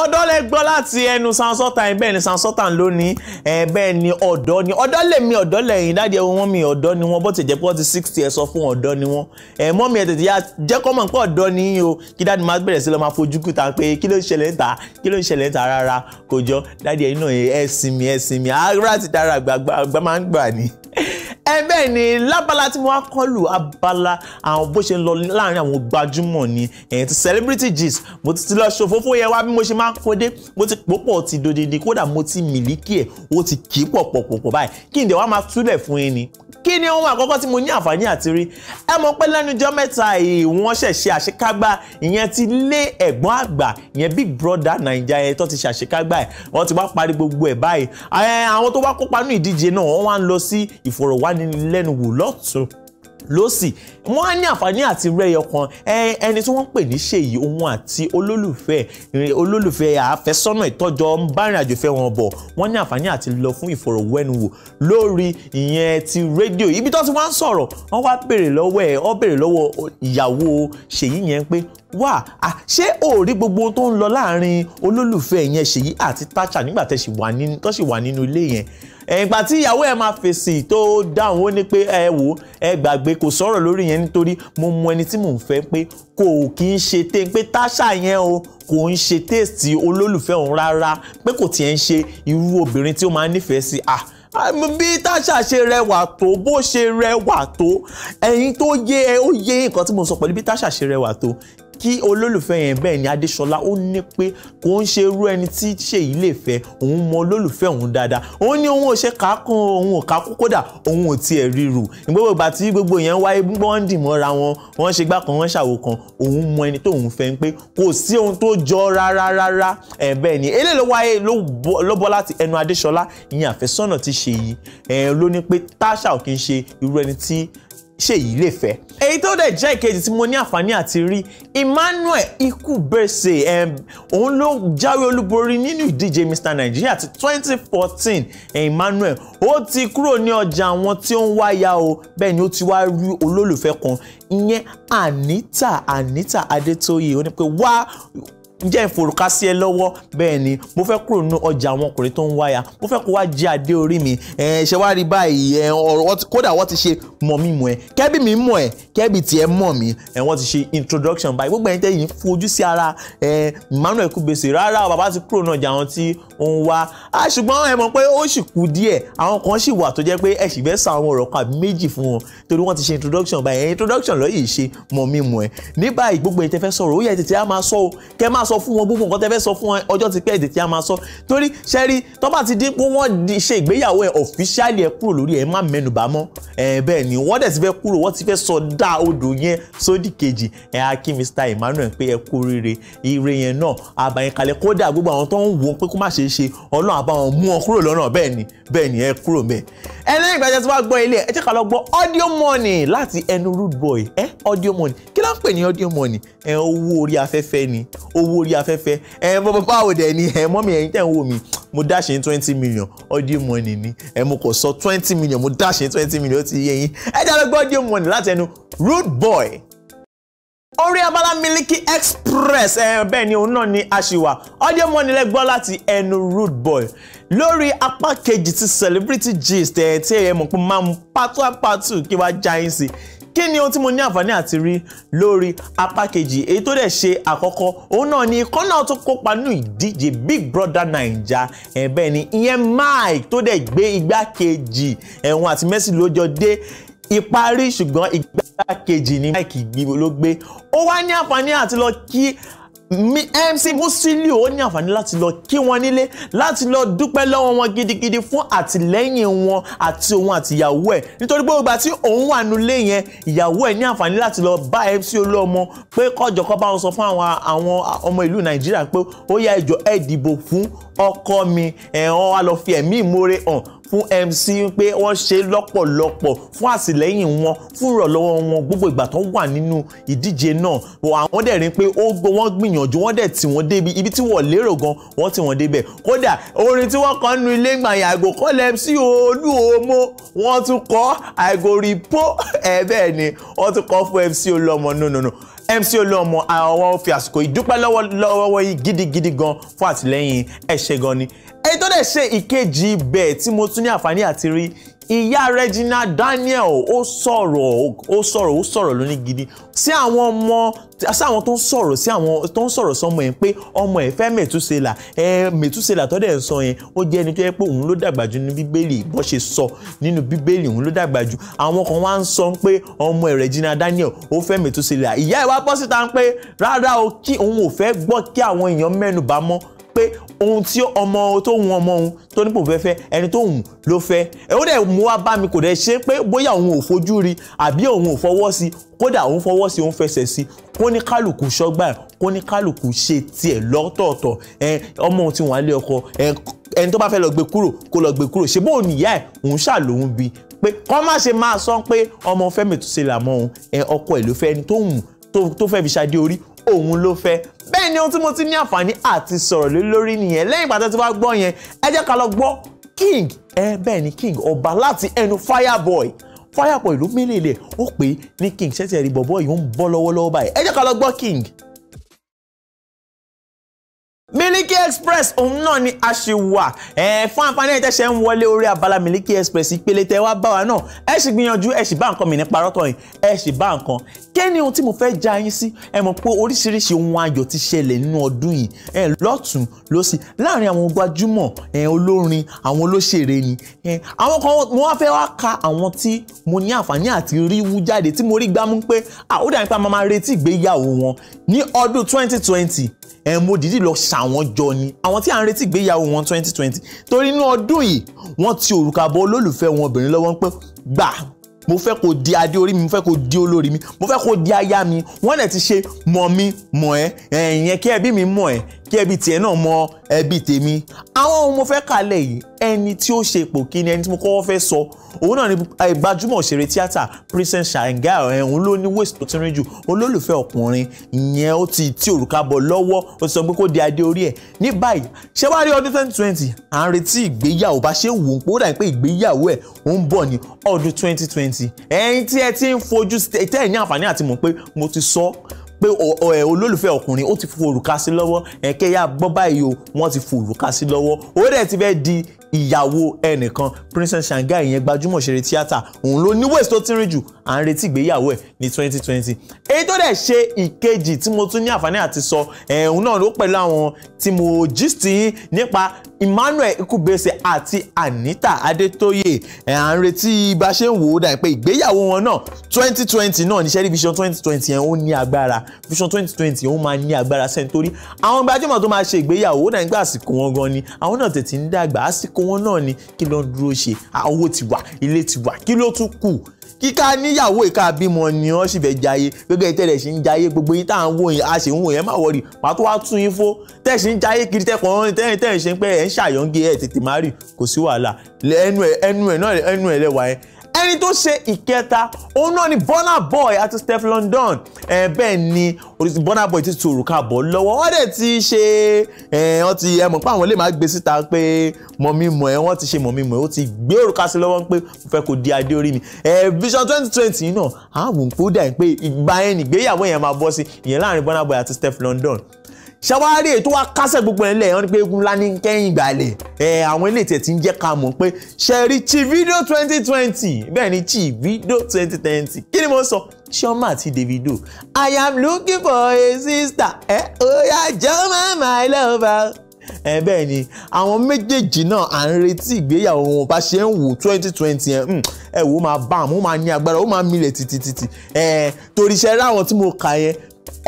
ọ̀dọ́ lẹ gbọ́ láti ẹnu Sawnsotime bẹ́ẹ̀ ni Sawnsotime lónìí bẹ́ẹ̀ ni ọ̀dọ́ ni ọ̀dọ́ lèmi ọ̀dọ́ lẹ́yìn dáadé ẹ̀wọ̀n wọn mi ọ̀dọ́ ni wọn bó ti jẹ́ pé wọ́n ti sixty ẹ̀ sọ fún ọ̀dọ́ ni wọn ẹ̀ mọ́ mi ẹ̀ tètè ya jẹ́ kọ́ mọ̀ pé ọ̀dọ́ ni yín o kí dáadé máa bẹ̀rẹ̀ sí lọ máa fojú kú ta pé kí ló ń ṣẹlẹ̀ ń ta kí ló ń ṣẹlẹ̀ ń ta rárá kò jọ dáadé ẹ̀yin náà ẹ̀ sinmi ẹ̀ sinmi ẹ ni lábala tí mo wá kọlù abala àwọn bó ṣe ń lọ láàrin àwọn gbajúmọ̀ ni ẹ̀yìn ti celebrity gist mo ti ti lọ ṣòfófó yẹn wá bí mo ṣe máa ń kódé mo ti pòpọ̀ ti dodidi kódà mo ti mìlíkì ẹ̀ ó ti kì í pọ̀pọ̀pọ̀ báyìí kí n dẹ̀ wá máa túlẹ̀ fún yín ni kí ni ohun àkọ́kọ́ tí mo ní àǹfààní àti rí ẹ mọ̀ pé lẹ́nujọ́ mẹ́ta yìí wọ́n ṣẹ̀ṣẹ̀ àṣekágbá ìyẹn ti lé ẹ̀gbọ́n àgbà ìyẹn big brother naija yẹn tó ti ṣàṣekágbá ẹ̀ wọ́n ti wá parí gbogbo ẹ̀ báyìí àwọn tó wá kópa nínú ìdíje náà wọ́n wá ń lọ sí ìfọ̀rọ̀wá ìdánilẹ́nuwò lọ́tún lọ́sì wọ́n á ní àǹfààní àti rẹ́yọ kan ẹni tí wọ́n ń pè ní ṣèyí òun àti olólùfẹ́ eh, olólùfẹ́ àfẹ́sọ́nà ìtọ́jọ́ ń bá ìrìn àjò fẹ́ wọn bọ̀ wọ́n ní àǹfààní àti lọ fún ìfọ̀rọ̀wẹ́nuwò lórí ìyẹn ti rédíò ibi tó ti wá ń sọ̀rọ̀ wọ́n wá béèrè lọ́wọ́ ẹ̀ ọ́ béèrè lọ́wọ́ ìyàwó ṣèyí yẹn pé wà á ṣé ò rí gbogbo tó ń lọ láàrin olólùfẹ́ yẹn ṣèyí àti Táṣà nígbà tẹ́ sì wà nínú ilé yẹn ìgbà tí ìyàwó ẹ̀ máa fèsì tó dáhùn ó ní pé ẹ wò ẹ gbàgbé kò sọ̀rọ̀ lórí yẹn nítorí mo mọ ẹni tí mò ń fẹ́ pé kò kì í ṣe té pé táṣà yẹn o kò ń ṣe téèsì olólùfẹ́ òun rárá pé kò tiẹ̀ ń ṣe irú obìnrin tí ó máa nífẹ̀ẹ́ sí à bí Tasha ṣe rẹwà tó bó ṣe rẹwà tó ẹ̀yin tó yé ẹ ó yé nǹkan tí mo sọ pẹ̀lú bí Tasha ṣe rẹwà tó kí olólùfẹ́ yẹn bẹ́ẹ̀ ni Adéṣọlá ó ní pé kò ń ṣe irú ẹni tí Ṣèyí lè fẹ́ òun mọ olólùfẹ́ òun dáadáa òun ní òun ò ṣe kàákùn òun ò kàákùn kódà òun ò tiẹ̀ ríru gbogbo ìgbà tí gbogbo yẹn wáyé wọ́n dì mọ́ra wọn wọ́n ṣe gbá kan wọ́n ṣàwò kan òun mọ ẹni tó òun fẹ́ ń pé kò sí ohun tó jọ rárá rárá ẹ̀ bẹ́ẹ̀ ni eléyìí ló wáyé ló bọ́ láti ẹnu Adéṣọlá ìyẹn àfẹ́sọ́nà ti Ṣèyí ẹ̀ ló ní pé Táṣà ò kì í ṣe irú ẹni tí ṣèyí lè fẹ́. èyí tó dẹ̀ jẹ́ ìkejì tí mo ní àǹfààní àti rí Emmanuel Ikubese òun ló jáwé olúborí nínú ìdíje Mr Nigeria ti 2014, Emmanuel ó ti kúrò ní ọjà àwọn tí ó ń wáyà o bẹ́ẹ̀ ni ó ti wá rí olólùfẹ́ kan ìyẹn Anita Anita Adetoye ó ní pé wá ǹjẹ́ ìforúkà sí ẹ lọ́wọ́ bẹ́ẹ̀ ni mo fẹ́ kúrò nínú ọjà àwọn ọkùnrin tó ń wáyà mo fẹ́ kó wá jẹ́ adé orí mi ẹ ṣe wá rí báyìí ẹ ọ̀rọ̀ kódà wọ́n ti ṣe mọ̀ mí mọ̀ ẹ kẹ́bí mi mọ̀ ẹ kẹ́bí tiẹ̀ mọ̀ mí ẹ wọ́n ti ṣe introduction báyìí gbogbo ẹ̀yin tẹ́yìn fojú sí ara ẹ Emmanuel Kubese rárá o bàbá ti kúrò nínú ọjà àwọn tí ó ń wá a ṣùgbọ́n ẹ mọ̀ pé ó sì kú díẹ̀ àwọn kan sì wà tó jẹ́ pé ẹ sì fẹ́ sa àwọn ọ̀rọ̀ kan àbí méjì fún wọn torí wọ́n ti ṣe introduction báyìí introduction lọ́yìí ṣe mọ̀ mí mọ̀ ẹ ní báyìí gbogbo ẹ̀yin tẹ́ fẹ́ sọ̀rọ̀ ó yẹ tètè á máa sọ o kẹ́ má máa sọ fún wọn gbogbo nǹkan tẹ́ fẹ́ sọ fún wọn ọjọ́ ti pẹ́ èdè tí a máa sọ torí ṣẹ́rí tó bá ti dín pé wọ́n ṣe ìgbéyàwó ẹ̀ ọ̀fíṣàlì ẹ̀ kúrò lórí ẹ̀ má mẹ́nubà mọ́ ẹ̀ bẹ́ẹ̀ ni wọ́n dẹ̀ ti fẹ́ kúrò wọ́n ti fẹ́ sọ dá odò yẹn sódì kejì ẹ̀ á Mr Emmanuel pé ẹ kú rere ire yẹn náà àbàyẹn kalẹ̀ kódà gbogbo àwọn tó ń wò ó pé kó má ṣe é ṣe Ọlọ́run àbá wọn mú wọn kúrò lọ́nà bẹ́ẹ̀ ni bẹ́ẹ̀ ni ẹ kúrò bẹ́ẹ̀ ẹ lẹ́yìn ìgbà tí a ti wá gbọ́ ilé ẹ jẹ́ ká lọ boy ẹ audio money kí ló ń pè audio money ẹ owó orí afẹ́fẹ́ ni owó owó orí afẹ́fẹ́ ẹ bọ́ bọ́ báwo ni ẹ mọ́mí ẹ̀yin tẹ̀ ń wò mí mo dash in twenty million audio money ni ẹ mo kò sọ twenty million mo dash in twenty million ó ti yé yín ẹ jẹ́ lọ gbọ́ audio money láti ẹnu rude boy orí abala Miliki Express ẹ bẹ́ẹ̀ ni òun náà ni a ṣì wà audio money lẹ gbọ́ láti ẹnu rude boy lórí apá kejì ti celebrity gist ẹ̀ tí ẹ mọ̀ pé máa ń pátúpátù kí wàá já yín sí i kí ni ohun tí mo ní àǹfààní àti rí lórí apá kejì èyí tó dẹ̀ ṣe àkọ́kọ́ òun náà ni ikán náà tó kópa nínú ìdíje Big Brother Naija ẹ̀bẹ́ ni ìyẹn Mike tó dẹ̀ gbé igbákejì ẹ̀wọ̀n àti Mercy ló jọ dé ìparí ṣùgbọ́n igbákejì ni Mike ló gbé ó wá ní àǹfààní àti lọ kí MC Musiliu ó ní àǹfààní láti lọ kí wọn nílé láti lọ dúpẹ́ lọ́wọ́ wọn gidigidi fún àtìlẹ́yìn wọn àti òun àti ìyàwó ẹ̀ nítorí pé ìgbà tí òun wà nulẹ̀ yẹn ìyàwó ẹ̀ ní àǹfààní láti lọ bá MC Olúọmọ pé kọ́jọ̀kọ́ bá wọn sọ fún àwọn ọmọ ìlú Nàìjíríà pé ó yá ẹjọ́ ẹ dìbò fún ọkọ mi ẹ̀hán wa lọ fi ẹ̀mí ìmoore hàn fún MC pé wọ́n ṣe lọ́pọ̀lọpọ̀ fún àtìlẹ́yìn wọn fún ìrànlọ́wọ́ wọn gbogbo ìgbà tó wà nínú ìdíje náà àwọn dẹ̀ rí pé ó gbọ́ wọ́n gbìyànjú wọ́n dẹ̀ tì wọ́n débi ibi tí wọ́n lérò gan wọ́n tì wọ́n débẹ̀ kódà orin tí wọ́n kọ́ nínú ilé ìgbà yẹn àgò kọ́lẹ̀ MC olú òmo wọ́n tún kọ́ àgò rìpó ẹ̀ bẹ́ẹ̀ ni wọ́n tún kọ́ fún MC olúọmọ nónónó MC olúọmọ àwọn fi àsìkò ìdúpẹ́ lọ́wọ́ lọ́wọ́ yìí gidigidi gan fún àtìlẹ́yìn ẹ̀ ṣe gan ni ẹni tó dẹ̀ ṣe ìkejì ibẹ̀ tí mo tún ní àǹfààní àti rí ìyá Regina Daniel ó sọ̀rọ̀ ó sọ̀rọ̀ ó sọ̀rọ̀ lóní gidi sí àwọn ọmọ sí àwọn tó ń sọ̀rọ̀ sí àwọn tó ń sọ̀rọ̀ sọmọ ẹ̀ pé ọmọ ẹ̀ fẹ́ mẹ̀túsẹ̀là ẹ̀ mẹ̀túsẹ̀là tó dẹ̀ ń sọ yẹn ó jẹ́ ẹni tó yẹ pé òun ló dàgbà jù nínú bíbélì bó ṣe sọ nínú bíbélì òun ló dàgbà jù àwọn kan wá ń sọ pé ọmọ ẹ̀ Regina Daniel ó fẹ́ mẹ̀túsẹ̀là ìyá ẹ̀ wá bọ́ síta pé rárá o kí òun ò fẹ́ gbọ́ kí àwọn èèyàn mẹ́nu bà mọ́ pé ohun tí ọmọ tó hun ọmọ òun tó ní kò fẹ́ fẹ́ ẹni tó hun ló fẹ́ ẹ̀ ó dẹ̀ mú wá bá mi kò dẹ̀ ṣe pé bóyá òun ò fojú rí àbí òun ò fọwọ́ sí kódà òun fọwọ́ sí òun fẹsẹ̀ sí kó ní kálukú ṣọgbà kó ní kálukú ṣe tiẹ̀ lọ́tọ̀ọ̀tọ̀ ẹ ọmọ òun ti wà lé ọkọ ẹ ẹni tó bá fẹ́ lọ gbé kúrò kó lọ gbé kúrò ṣe bóun nìyá ẹ̀ òun ṣàlóhun bí pé kọ́ má ṣe máa sọ pé ọmọ Fẹ́mi Ètùsílà mọ́ òun ẹ ọkọ ẹ̀ ló fẹ́ ẹni tó hùn tó fẹ́ fi ṣadé orí òun ló fẹ́ bẹ́ẹ̀ ni ohun tí mo ti ní àǹfààní àti sọ̀rọ̀ lé lórí nìyẹn lẹ́yìn ìgbà tó ti wá gbọ́ yẹn ẹ jẹ́ ká lọ gbọ́ king ẹ eh, bẹ́ẹ̀ ni king ọba láti ẹnu fireboy fireboy ló mélèlè ó pè é ní king ṣẹ́tì ẹ̀rí bọ̀bọ̀ yìí ó ń bọ́ lọ́wọ́lọ́wọ́ báyìí ẹ jẹ́ ká lọ gbọ́ king. Miliki Express òun náà ni a ṣe wà ẹ fún àǹfààní ẹ tẹsẹ ń wọlé orí abala Miliki Express ìpele tẹ wá bá wa náà ẹ sì gbìyànjú ẹ sì bá nǹkan mi ní parọ́tọ̀ yìí ẹ sì bá nǹkan kí ni ohun tí mo fẹ́ já yín sí ẹ mọ̀ pé oríṣiríṣi ohun ayọ̀ ti ṣẹlẹ̀ nínú ọdún yìí ẹ lọ́tún lọ́sì láàrin àwọn gbajúmọ̀ ẹ olórin àwọn olóṣèré ni ẹ àwọn kan mo wá fẹ́ wá ka àwọn tí mo ní àǹfààní àti rí wú jáde tí mo rí gbámú pé ó dàbí pé a máa retí ìgbéyàwó wọn ní ọdún 2020 ẹ̀ mo dìídì lọ ṣàwọn jọ ni. àwọn tí à ń retí ìgbéyàwó wọn twenty twenty torí inú ọdún yìí wọ́n ti òrùka bọ olólùfẹ́ wọn obìnrin lọ́wọ́ pé gbà mo fẹ́ kó di adé orí mi mo fẹ́ kó di olórí mi mo fẹ́ kó di aya mi wọ́n dẹ̀ ti ṣe mọ̀ mi mọ̀ ẹ́ ẹ̀yẹn kí ẹbí mi mọ̀ ẹ́ kí ẹbí tiẹ̀ náà mọ ẹbí tèmi àwọn ohun mo fẹ́ kàlẹ̀ yìí ẹni tí ó ṣe ipò kíni ẹni tí mo kọ́kọ́ fẹ́ sọ òun náà ni eh, gbajúmọ̀ òṣèré tíátà Princess Shangai ẹ̀hún eh, ló ní waist tó tínrín jù olólùfẹ́ ọkùnrin ìyẹn ó ti tí òrùka bọ̀ lọ́wọ́ ó ti sọ pé kó di adé orí ẹ̀ ní báyìí ṣé wàá rí ọdún twenty twenty à ń retí ìgbéyàwó bá ṣe wù ú pé ó dà pé ìgbéyàwó ẹ̀ ó ń bọ̀ ní ọdún twenty twenty ẹ̀yin tí ẹ ti ń fojú tẹ́ ẹ̀ ní àǹfààní àti mọ̀ pé mo ti sọ pé olólùfẹ́ ọkùnrin ó ti forùka sí lọ́wọ́ ẹ̀kẹ́ yá gbọ́ báyìí o wọ́n ti forùka lọ́wọ́ ó dẹ̀ ti fẹ́ di ìyàwó ẹnìkan Princess Shanghai ìyẹn gbajúmọ̀ ṣeré tíátà òun ló ní waist tó tínrín jù à ń retí ìgbéyàwó ẹ̀ ní 2020 èyí tó dẹ̀ ṣe ìkejì tí mo tún ní àǹfààní àti sọ ẹ̀hún náà ló pẹ̀lú àwọn tí mo gist yín nípa Emmanuel Ikubese àti Anita Adetoye à ń retí bá ṣe ń wò ó dà pé ìgbéyàwó wọn náà 2020 náà níṣẹ́ rí vision 2020 yẹn ó ní agbára vision 2020 ó máa ní agbára sẹ́ńtórí àwọn gbajúmọ̀ tó máa ṣe ìgbéyàwó ó dà nígbà àsìkò wọn gan ni àwọn náà tètè ń dàgbà àsìkò wọn náà ni kí ló ń dúró ṣe owó ti wà ilé ti wà kí ló tún kù kíká níyàwó ìka bímọ ni wọn sì fẹ́ jayé gẹ́gẹ́ tẹ́lẹ̀ sì ń jayé gbogbo yín tá à ń wò yín a sì ń wò yẹn má wọrí pàtó wá tún yín fó tẹsí ń jayé kiri tẹkọ ọrùn tẹyìn tẹyìn ṣe ń pẹ ẹ ń ṣàyọǹgé ẹ tètè má rì kò sí wàhálà ẹnu ẹ ẹnu ẹ náà ẹnu ẹ lẹwà yẹn ẹni tó ṣe ìkẹta òun náà ni Burna Boy àti Steph London ẹ bẹ́ẹ̀ ni Burna Boy ti tu òrùka bọ̀ lọ́wọ́ wọ́n dẹ̀ ti ṣe ẹ wọ́n ti ẹ mọ̀ pé àwọn lè máa gbé síta pé mọ̀mímọ̀ ẹ wọ́n ti ṣe mọ̀mímọ̀ ẹ ó ti gbé òrùka sí lọ́wọ́ pé mo fẹ́ kó di adé orí mi ẹ Vision twenty twenty náà àwọn òǹkó dà pé ìgbà yẹn nìgbéyàwó yẹn máa bọ́ sí ìyẹn láàrin Burna Boy àti Steph London ṣàwárí èyí tó wá kásẹ̀ gbogbo ẹ̀ ńlẹ̀ wọ́n ní pé egun ńlá ní kẹ́yìn ìgbàlẹ̀ ẹ̀ àwọn ilé ìtẹ̀ tí ń jẹ́ ká mọ̀ pé ṣẹ̀rí Chivido twenty twenty bẹ́ẹ̀ ni Chivido twenty twenty kí ni mo sọ Chioma àti Davido I am looking for a sister ẹ oya Chioma my lover ẹ bẹ́ẹ̀ ni àwọn méjèèjì náà à ń retí ìgbéyàwó wọn bá ṣe ń wò 2020. twenty ẹ hmm, ẹ wò ó máa bá àmú ó máa ní agbára ó máa milẹ̀ títítítì ẹ torí ṣe ráwọn tí mo kà yẹn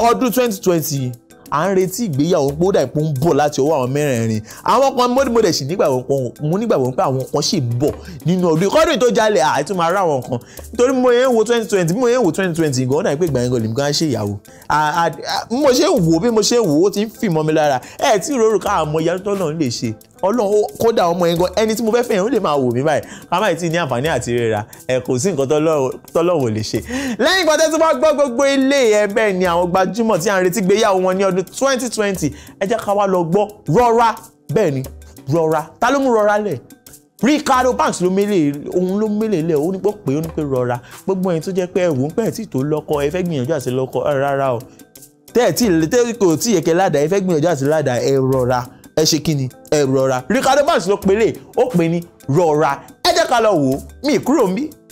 ọdún twenty à ń retí ìgbéyàwó pé ó dà ìpò ń bọ̀ láti ọwọ́ àwọn mẹ́rẹ̀ẹ̀rin àwọn kan mọ́dìmọ́dẹ̀ sì nígbàgbọ́ pé mo nígbàgbọ́ pé àwọn kan sì ń bọ̀ nínú ọdún ìkọ́dún tó jalè àti máa rà àwọn kan nítorí mo yẹn wo twenty twenty mo yẹn wo twenty twenty gan ọ̀nà ìpè gbàngàn lèmi gan ṣe ìyàwó mo ṣe wò bí mo ṣe wò ó ti ń fìmọ́ mi lára ẹ̀ tí ìrorò káà mọ ìyá ọlọ́run kódà ọmọ yẹn gan ẹni tí mo fẹ́ fẹ́ yẹn ó lè máa wò mí báyìí ká má ti ní àǹfààní àti rírà ẹ kò sí nǹkan tọ́lọ́wọ̀ lè ṣe. lẹ́yìn ìgbà tẹ́tí wọ́n gbọ́ gbogbo ilé ẹ bẹ́ẹ̀ ni àwọn gbajúmọ̀ tí à ń retí gbéyàwó wọn ní ọdún 2020 ẹ jẹ́ ká wá lọ gbọ́ rọra bẹ́ẹ̀ ni rọra ta ló mú rọra lẹ̀ Ricardo Banks ló mélé òun ló mélé lẹ ó ní pé pé ó ní pé rọra gbogbo ẹni tó jẹ́ pé ẹwù ń pẹ tí tó lọ́kọ ẹ fẹ́ gbìyànjú àti lọ́kọ rárá o tẹ ẹ tí tẹ kò kẹ ládàá ẹ fẹ́ gbìyànjú àti ládàá ẹ rọra ẹ ṣe kí ni ẹ rọra Ricardo Banks ló pelé e. ó pè ní rọra ẹ jẹ́ ká lọ wò ó mi kúrò ń bí.